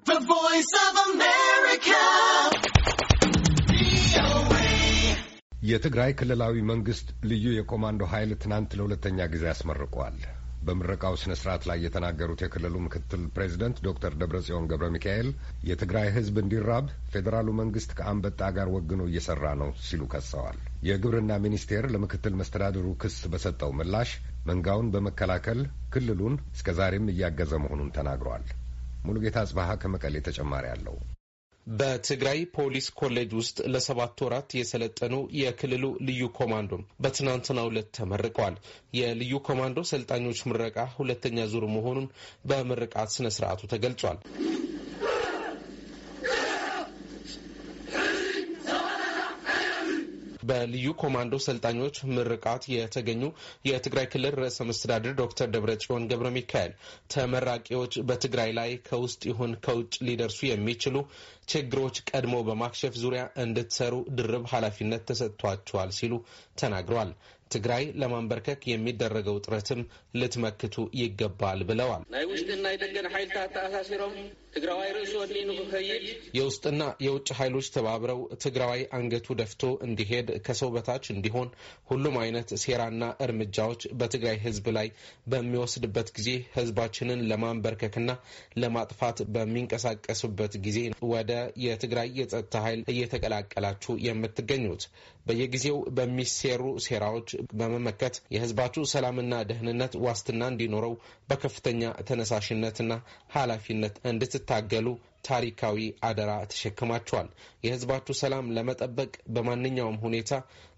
The Voice of America. የትግራይ ክልላዊ መንግስት ልዩ የኮማንዶ ኃይል ትናንት ለሁለተኛ ጊዜ አስመርቋል። በምረቃው ስነ ስርዓት ላይ የተናገሩት የክልሉ ምክትል ፕሬዚደንት ዶክተር ደብረጽዮን ገብረ ሚካኤል የትግራይ ህዝብ እንዲራብ ፌዴራሉ መንግስት ከአንበጣ ጋር ወግኖ እየሰራ ነው ሲሉ ከሰዋል። የግብርና ሚኒስቴር ለምክትል መስተዳድሩ ክስ በሰጠው ምላሽ መንጋውን በመከላከል ክልሉን እስከ ዛሬም እያገዘ መሆኑን ተናግሯል። ሙሉጌታ አጽባሀ ከመቀሌ ተጨማሪ አለው። በትግራይ ፖሊስ ኮሌጅ ውስጥ ለሰባት ወራት የሰለጠኑ የክልሉ ልዩ ኮማንዶ በትናንትናው ዕለት ተመርቀዋል። የልዩ ኮማንዶ ሰልጣኞች ምረቃ ሁለተኛ ዙር መሆኑን በምርቃት ስነ ስርዓቱ ተገልጿል። በልዩ ኮማንዶ ሰልጣኞች ምርቃት የተገኙ የትግራይ ክልል ርዕሰ መስተዳድር ዶክተር ደብረጽዮን ገብረ ሚካኤል ተመራቂዎች በትግራይ ላይ ከውስጥ ይሁን ከውጭ ሊደርሱ የሚችሉ ችግሮች ቀድሞ በማክሸፍ ዙሪያ እንድትሰሩ ድርብ ኃላፊነት ተሰጥቷቸዋል ሲሉ ተናግረዋል። ትግራይ ለማንበርከክ የሚደረገው ጥረትም ልትመክቱ ይገባል ብለዋል። ናይ ውሽጥን የደገን ደገን ሓይልታት ትግራዋይ ርእሱ ወዲኑ ክኸይድ የውስጥና የውጭ ኃይሎች ተባብረው ትግራዋይ አንገቱ ደፍቶ እንዲሄድ ከሰው በታች እንዲሆን ሁሉም አይነት ሴራና እርምጃዎች በትግራይ ህዝብ ላይ በሚወስድበት ጊዜ ህዝባችንን ለማንበርከክና ለማጥፋት በሚንቀሳቀሱበት ጊዜ ወደ የትግራይ የጸጥታ ኃይል እየተቀላቀላችሁ የምትገኙት በየጊዜው በሚሴሩ ሴራዎች በመመከት የህዝባችሁ ሰላምና ደህንነት ዋስትና እንዲኖረው በከፍተኛ ተነሳሽነትና ኃላፊነት እንድትታገሉ ታሪካዊ አደራ ተሸክማችኋል። የህዝባችሁ ሰላም ለመጠበቅ በማንኛውም ሁኔታ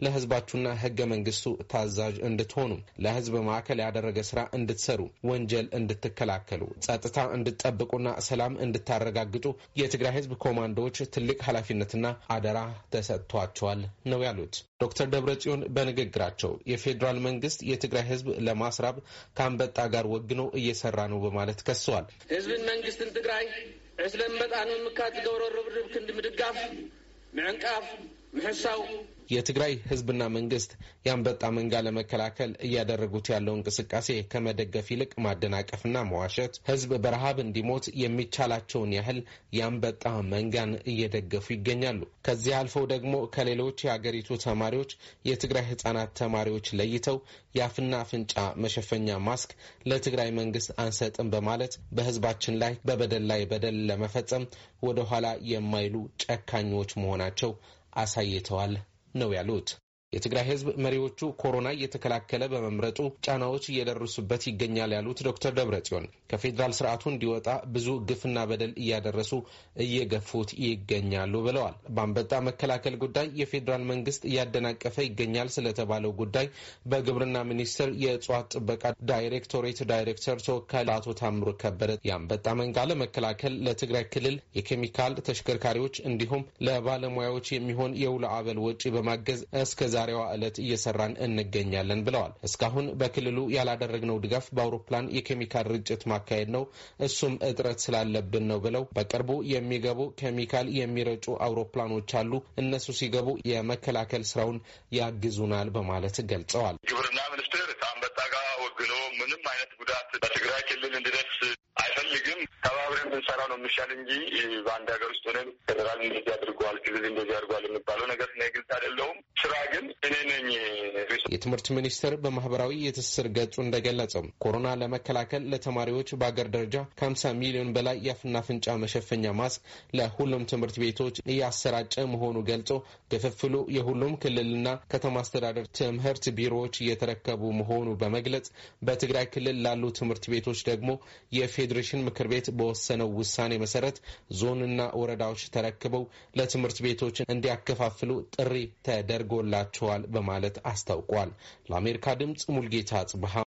ለህዝባችሁና ህገ መንግስቱ ታዛዥ እንድትሆኑ፣ ለህዝብ ማዕከል ያደረገ ስራ እንድትሰሩ፣ ወንጀል እንድትከላከሉ፣ ጸጥታ እንድትጠብቁና ሰላም እንድታረጋግጡ የትግራይ ህዝብ ኮማንዶዎች ትልቅ ኃላፊነትና አደራ ተሰጥቷቸዋል ነው ያሉት። ዶክተር ደብረጽዮን በንግግራቸው የፌዴራል መንግስት የትግራይ ህዝብ ለማስራብ ከአንበጣ ጋር ወግኖ እየሰራ ነው በማለት ከሰዋል። ህዝብን መንግስትን ትግራይ ዕስለ ምበጣን ምካት ዝገብሮ ርብርብ ክንዲ ምድጋፍ ምዕንቃፍ የትግራይ ህዝብና መንግስት የአንበጣ መንጋ ለመከላከል እያደረጉት ያለው እንቅስቃሴ ከመደገፍ ይልቅ ማደናቀፍና መዋሸት፣ ህዝብ በረሃብ እንዲሞት የሚቻላቸውን ያህል የአንበጣ መንጋን እየደገፉ ይገኛሉ። ከዚህ አልፈው ደግሞ ከሌሎች የአገሪቱ ተማሪዎች የትግራይ ህጻናት ተማሪዎች ለይተው የአፍና አፍንጫ መሸፈኛ ማስክ ለትግራይ መንግስት አንሰጥም በማለት በህዝባችን ላይ በበደል ላይ በደል ለመፈጸም ወደኋላ የማይሉ ጨካኞች መሆናቸው አሳይተዋል ነው ያሉት። የትግራይ ህዝብ መሪዎቹ ኮሮና እየተከላከለ በመምረጡ ጫናዎች እየደረሱበት ይገኛል ያሉት ዶክተር ደብረ ጽዮን ከፌዴራል ስርዓቱ እንዲወጣ ብዙ ግፍና በደል እያደረሱ እየገፉት ይገኛሉ ብለዋል። በአንበጣ መከላከል ጉዳይ የፌዴራል መንግስት እያደናቀፈ ይገኛል ስለተባለው ጉዳይ በግብርና ሚኒስቴር የእጽዋት ጥበቃ ዳይሬክቶሬት ዳይሬክተር ተወካይ አቶ ታምሩ ከበደ የአንበጣ መንጋ ለመከላከል ለትግራይ ክልል የኬሚካል ተሽከርካሪዎች እንዲሁም ለባለሙያዎች የሚሆን የውሎ አበል ወጪ በማገዝ እስከዛ በዛሬዋ ዕለት እየሰራን እንገኛለን ብለዋል። እስካሁን በክልሉ ያላደረግነው ድጋፍ በአውሮፕላን የኬሚካል ርጭት ማካሄድ ነው። እሱም እጥረት ስላለብን ነው ብለው በቅርቡ የሚገቡ ኬሚካል የሚረጩ አውሮፕላኖች አሉ። እነሱ ሲገቡ የመከላከል ስራውን ያግዙናል በማለት ገልጸዋል። ግብርና ሚኒስትር ከአንበጣ ጋር ወግኖ ምንም አይነት ጉዳት በትግራይ ክልል እንዲደርስ አልፈልግም። ተባብረን ብንሰራ ነው የሚሻል እንጂ በአንድ ሀገር ውስጥ ሆነን ፌደራል እንደዚህ አድርገዋል፣ ክልል እንደዚህ አድርገዋል የሚባለው ነገር ነ ግልጽ አይደለሁም። ስራ ግን እኔ ነኝ። የትምህርት ሚኒስቴር በማህበራዊ የትስስር ገጹ እንደገለጸው ኮሮና ለመከላከል ለተማሪዎች በአገር ደረጃ ከሀምሳ ሚሊዮን በላይ የአፍና አፍንጫ መሸፈኛ ማስክ ለሁሉም ትምህርት ቤቶች እያሰራጨ መሆኑ ገልጾ ክፍፍሉ የሁሉም ክልልና ከተማ አስተዳደር ትምህርት ቢሮዎች እየተረከቡ መሆኑ በመግለጽ በትግራይ ክልል ላሉ ትምህርት ቤቶች ደግሞ የፌዴሬሽን ምክር ቤት በወሰነው ውሳኔ መሰረት ዞንና ወረዳዎች ተረክበው ለትምህርት ቤቶች እንዲያከፋፍሉ ጥሪ ተደርጎላቸዋል በማለት አስታውቋል። ለአሜሪካ ድምፅ ሙልጌታ ጽብሃ